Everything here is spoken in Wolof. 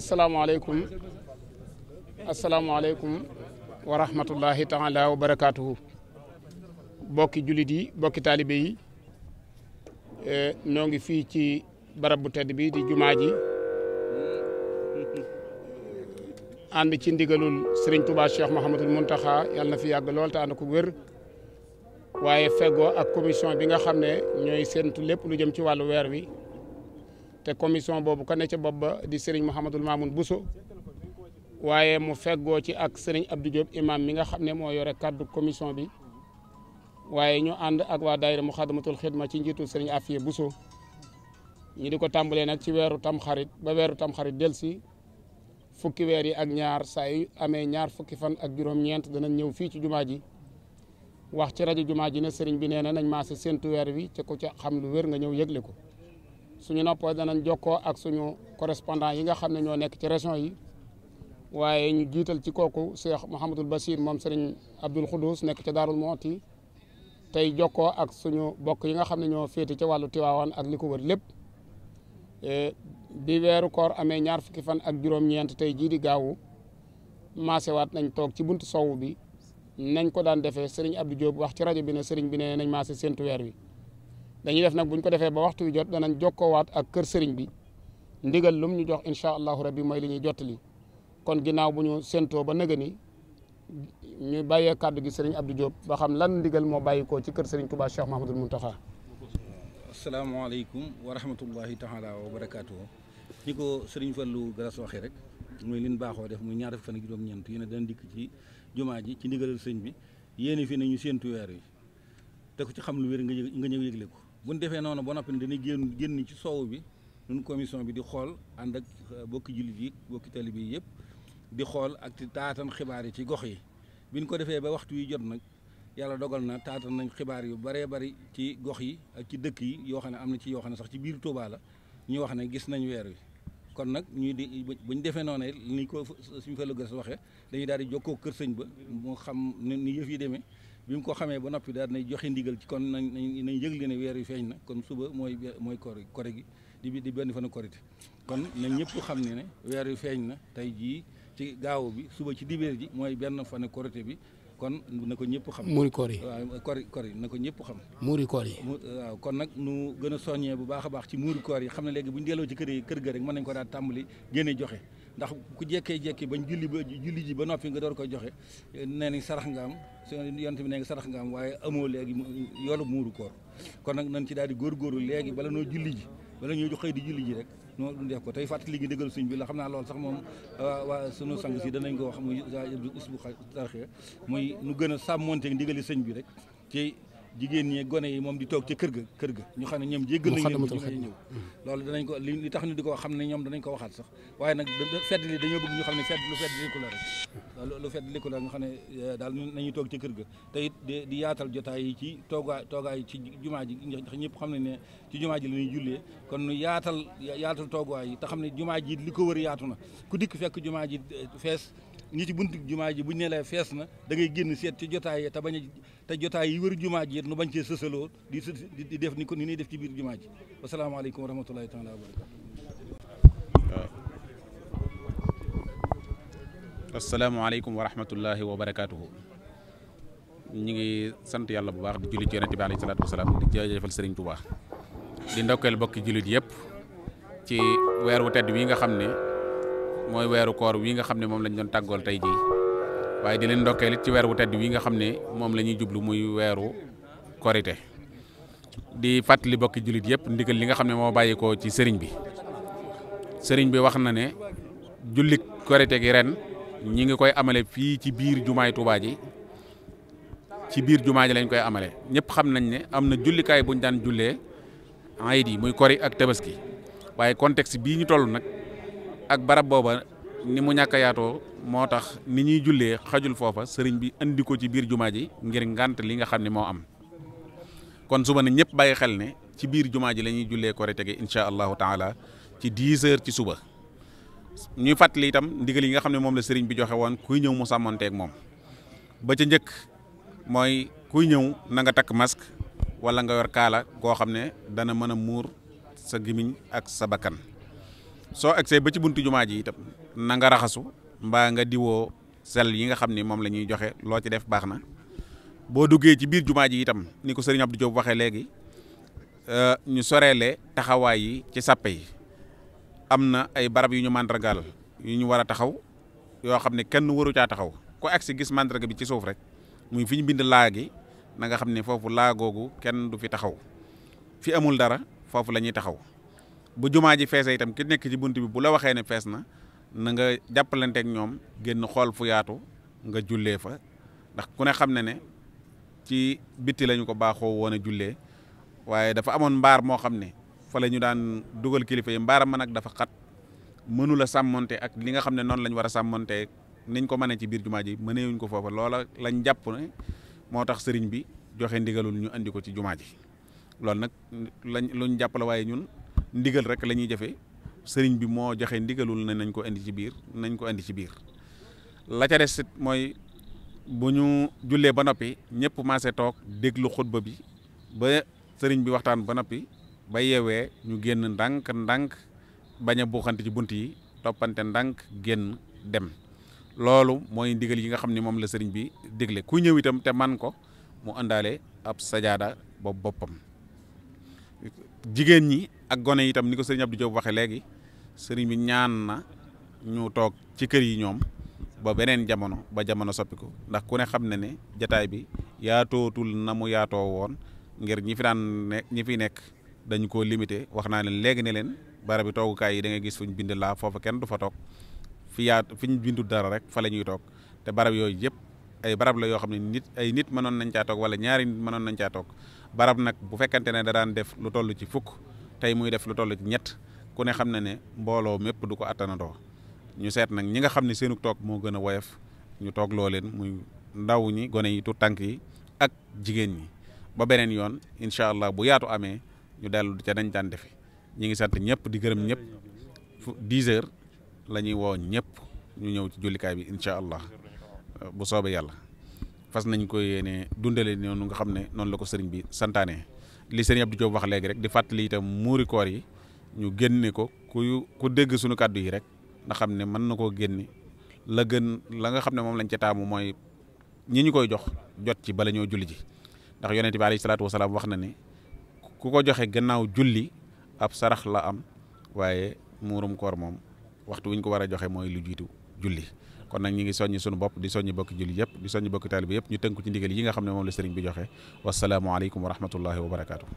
asalaamaaleykum asalaamaaleykum wa rahmatullahi taala wa barakaatuhu bokki jullit yi bokki taalibe yi eh, noo ngi fii ci barab bu tedd bi di jumaa ji ànd ci ndigalul Serigne Touba Cheikh Mouhamadul Mountakha yàlla na fi yàgg lool ta ànd ko wér waaye feggoo ak commission bi nga xam ne ñooy séntu lépp lu jëm ci wàllu weer wi te commission boobu ka ne ca bopp ba di sëriñ Mouhamadul Mamoun Bousso waaye mu fegoo ci ak sëriñ Abdou Diop imam mi nga xam ne moo yore kaddu commission bi waaye ñu ànd ak waa daayira Muxadamatul Xidma ci njiitu seriñ Afiye Bousso ñu di ko tàmbalee nag ci weeru tamxarit ba weeru tamxarit del si fukki weer yi ak ñaar saa amee ñaar fukki fan ak juróom-ñeent danañ ñëw fii ci jumaa ji wax ci rajo jumaa ji ne sëriñ bi nee na nañ maase séntu weer wi ci ku ci xam lu wér nga ñëw yëgle ko suñu noppoo danañ jokkoo ak suñu correspondant yi nga xam ne ñoo nekk ci région yi waaye ñu jiital ci kooku Cheikh Mouhamadul Bachir moom sëriñ Abdoul Khoudous nekk ci Daarul Mooti tey jokkoo ak suñu bokk yi nga xam ne ñoo féete ci wàllu Tiwaawan ak li ko wër lépp e, bi weeru koor amee ñaar fukki fan ak juróom-ñeent tey jii di gaawu waat nañ toog ci buntu sowu bi nañ ko daan defee sëriñ Abdou Diop wax ci rajo bi ne sëriñ bi ne nañ maase séntu weer wi dañuy def nag buñ ko defee ba waxtu wi jot danañ waat ak kër sëriñ bi ndigal lum ñu jox incha allahu rabbi mooy li ñuy jottali kon ginnaaw bu ñu séntoo ba nëga ni ñu bàyyee kàddu gi sëriñ Abdou Diop ba xam lan ndigal moo bàyyi ci kër sëriñ Touba Cheikh Mahmadul Muntaxa asalaamaaleykum wa rahmatullahi taala wa barakaatu. ni ko sëriñ Fallou Garas waxee rek mooy lin baaxoo def muy ñaar fukki fan ak juróom-ñeent yéen dana dikk ci jumaa ji ci ndigalal sëñ bi yéen fi nañu séentu weer yi te ku ci xam lu wér nga nga ñëw yëgle ko bu ñu defee noonu ba noppi ne dañuy génn génn ci soow bi ñun commission bi di xool ànd ak euh, bokki jullit yi bokki talib yi yëpp di xool ak ci taatan xibaar yi ci gox yi bi ñu ko defee ba waxtu yi jot nag yàlla dogal na taatan nañ xibaar yu baree bari ci gox yi ak ci dëkk yi yoo xam ne am na ci yoo xam ne sax ci biir Touba la ñu wax ne gis nañ weer wi kon nag ñuy di bu ñu defee noonu ni ko suñu Fallou Galass waxee dañuy daal di jokkoo kër sëñ ba moo xam ni yëf yi demee bi mu ko xamee ba noppi daal nay joxe ndigal ci kon nañ nañ nañ yëgle ne weer yu feeñ na kon suba mooy mooy koor kore gi di di benn fan korite kon na ñëpp xam ne ne weer yu feeñ na tey jii ci gaaw bi suba ci dibéer ji mooy benn fan korite bi kon na ko ñëpp xam. muuri koor yi waaw koor yi yi na ko ñëpp xam. muuri koor yi. waaw kon nag nu gën a soññee bu baax a baax ci muuri koor yi xam ne léegi bu ñu delloo ci kër yi kër ga rek mën nañ ko daal tàmbali génne joxe ndax ku jekkee jekki bañ julli ba julli ji ba noppi nga door koy joxe nee nañ sarax nga am yonent bi nee sarax nga am waaye amoo léegi yoolu muuru koor kon nag nañ ci daal di góorgóorlu léegi bala noo julli ji bala ñoo xëy di julli ji rek noonu dundee ko tey fàttali ngi dëggal sëñ bi la xam naa lool sax moom euh, waa sunu sang si danañ ko wax muy usbu tarxe muy nu gën a sàmmonteeg ndigali sëñ bi rek ci jigéen ñi gone yi moom di toog ca kër ga kër ga ñu xam ne ñoom jéggal nañu ñëw loolu danañ ko li tax ñu di ko xam ne ñoom danañ ko waxaat sax waaye nag fedd li dañoo bëgg ñu xam ne fedd lu fedd liku la rek lu fedd liku la xam ne eh, daal nañu toog ca kër ga te it yaatal jotaay yi ci toogaay toogaay ci jumaa ji ndax ñëpp xam ne ne ci jumaa ji la jullee kon nu yaatal yaatal toogaay yi te xam ne jumaa ji li ko war yaatu na ku dikk fekk jumaa ji eh, fees ñi ci buntu jumaa ji buñ ne la fees na da ngay génn seet ci jotaay te bañ te jotaay yi wër jumaa ji it nu bañ cee sësaloo di di def ni ko ni ñuy def ci biir jumaa ji wasalaamaaleykum wa rahmatulahi taala wa barakatu asalaamaaleykum wa rahmatullahi ñu ngi sant yàlla bu baax di jullit yonente bi alayhi salaatu wasalaam di jaajëfal Serigne Touba di ndokkeel bokki jullit yëpp ci weer wu tedd wi nga xam ne mooy weeru koor wi nga xam ne moom lañ doon tàggool tey jii waaye di leen ndokkeel it ci weer wu tedd wi nga xam ne moom la ñuy jublu muy weeru korite di fàttali bokki jullit yëpp ndigal li nga xam ne moo bàyyi ko ci sëriñ bi sëriñ bi wax na ne jullit korite gi ren ñi ngi koy amale fii ci biir jumaay Tuubaa ji ci biir jumaa ji lañ koy amale ñëpp xam nañ ne am na jullikaay buñ daan jullee ayit yi muy kori ak tabaski waaye contexte bii ñu toll ak barab booba ni mu ñàkk yaatoo moo tax ni ñuy jullee xajul foofa sëriñ bi indi ko ci biir jumaa ji ngir ngànt li nga xam ne moo am kon suba na ñëpp bàyyi xel ne ci biir jumaa ji la ñuy jullee korite gi incha allahu taala ci 10 heures ci suba ñuy fàttali itam yi nga xam ne moom la sëriñ bi joxe woon kuy ñëw mu sàmmonteeg moom ba ca njëkk mooy kuy ñëw nanga nga takk masque wala nga yor kaala goo xam ne dana mën a muur sa gimiñ ak sa bakkan soo agsee ba ci buntu jumaa ji itam na nga raxasu mbaa nga diwoo sel yi nga xam ni moom la ñuy joxe loo ci def baax na boo duggee ci biir jumaa ji itam ni ko sëriñ Abdou Diop waxee léegi euh, ñu soreele taxawaay yi ci sàppe am na ay barab yu ñu màndargaal yu ñu war a taxaw yoo xam ne kenn waru caa taxaw ku agsi gis màndarga bi ci suuf rek muy fi ñu bind laagi na nga xam ne foofu laa googu kenn du fi taxaw fi amul dara foofu la ñuy taxaw bu jumaa ji feesee itam ki nekk ci bunt bi bu la waxee ne fees na na nga jàppalanteeg ñoom génn xool fu yaatu nga jullee fa ndax ku ne xam ne ne ci bitti lañu ko baaxoo woon a jullee waaye dafa amoon mbaar moo xam ne fa la ñu daan dugal kilifa yi mbaaram ma nag dafa xat mënula sàmmoonte ak li nga xam ne noonu la ñu war a sàmmonte niñ ko mënee ci biir jumaa ji mëneewuñ ko foofa loola lañ jàpp ne moo tax sëriñ bi joxe ndigalul ñu indi ko ci jumaa ji loolu nag lañ luñ ñun ndigal rek lañuy ñuy jafe sëriñ bi moo joxe ndigalul ne nañ ko indi ci biir nañ ko indi ci biir la ca des it mooy bu ñu jullee ba noppi ñëpp maase toog déglu xutba bi ba sëriñ bi waxtaan ba noppi ba yeewee ñu génn ndànk ndànk bañ a buuxante ci bunt yi toppante ndànk génn dem loolu mooy ndigal yi nga xam ni moom la sëriñ bi dégle ku ñëw itam te man ko mu àndaale ab sajaada ba boppam jigéen ñi ak gone itam ni ko sëriñ Abdou Diop waxee léegi sëriñ bi ñaan na ñu toog ci kër yi ñoom ba beneen jamono ba jamono soppiku ndax ku ne xam ne ne jataay bi yaatootul na mu yaatoo woon ngir ñi fi daan ne ñi fi nekk dañ koo limité wax naa leen léegi ne leen barab bi toogukaay yi da ngay gis fuñ bind laa foofu kenn du fa toog fi yaat fi ñu bindu dara rek fa la ñuy toog te barab yooyu yëpp ay barab la yoo xam ne nit ay nit mënoon nañ caa wala ñaari mënoon nañ caa toog barab nag bu fekkante ne da def lu toll ci fukk tey muy def lu toll ci ñett ku ne xam na ne mbooloo mépp du ko attanandoo ñu seet nag ñi nga xam ne seenu toog moo gën a woyof ñu toog loo leen muy ndaw ñi gone yi tu tànk yi ak jigéen ñi ba beneen yoon incha allah bu yaatu amee ñu dellu ca dañ daan defi ñi ngi sant ñëpp di gërëm ñëpp dix heures la ñuy woo ñëpp ñu ñëw ci jullikaay bi incha allah bu soobee yàlla fas nañ ko yéene dundale noonu nga xam ne noonu la ko sëriñ bi santaane li sëriñ Abdou Diop wax léegi rek di fàttali itam muuri koor yi ñu génne ko ku ku dégg suñu kàddu yi rek ndax xam ne mën na koo génne la gën la nga xam ne moom lañ ca taamu mooy ñi ñu koy jox jot ci bala ñoo julli ji ndax yonent bi alayhi salaatu wasalaam wax na ne ku ko joxe gannaaw julli ab sarax la am waaye muurum koor moom waxtu wu ñu ko war a joxe mooy lu jiitu julli kon nag ñi ngi soññi sunu bopp di soññi bokki julli yëpp di soññi bokki taalibe yëpp ñu tënku ci ndigal yi nga xam ne moom la sëriñ bi joxe wasalaamualeykum wa rahmatullahi wa barakaatu.